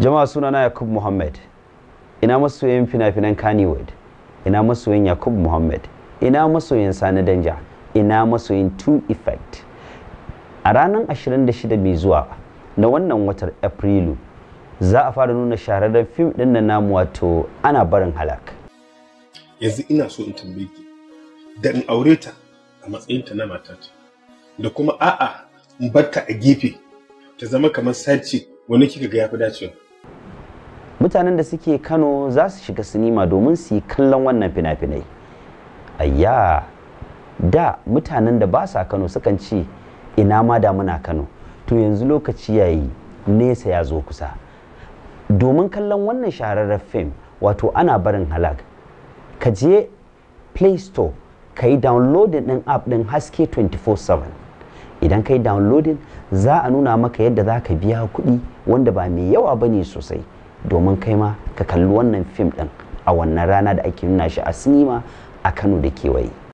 jama'a sunana yakub muhammad ina masoyin fina-finan kaniwood ina masoyin yakub muhammad ina masoyin sani danja ina masoyin two effect a ranar 26 mai zuwa na wannan watan afrilu za a fara nuna shahararren fim din na namu wato ana barin halak yanzu ina so in tambaye ki da in aure ta a matsayin ta na matata da kuma a'a in barta a gefe ta zama kamar sarci wani kika ga yafi dacewa mutanen da suke kano za su shiga sinima domin su yi kallon wannan fina-finai ayya da mutanen da ba sa kano sukan ce ina ma da muna kano to yanzu lokaci yayi nesa ya zo kusa domin kallon wannan shahararren fim wato ana barin halak ka je play store ka yi downloading ɗin app ɗin haske 24/7 idan ka yi downloading za a nuna maka yadda za ka biya kuɗi wanda ba mai yawa ba ne sosai domin kai ma ka kalli wannan fim ɗin a wannan rana da ake nuna shi a sinima a Kano da kewaye.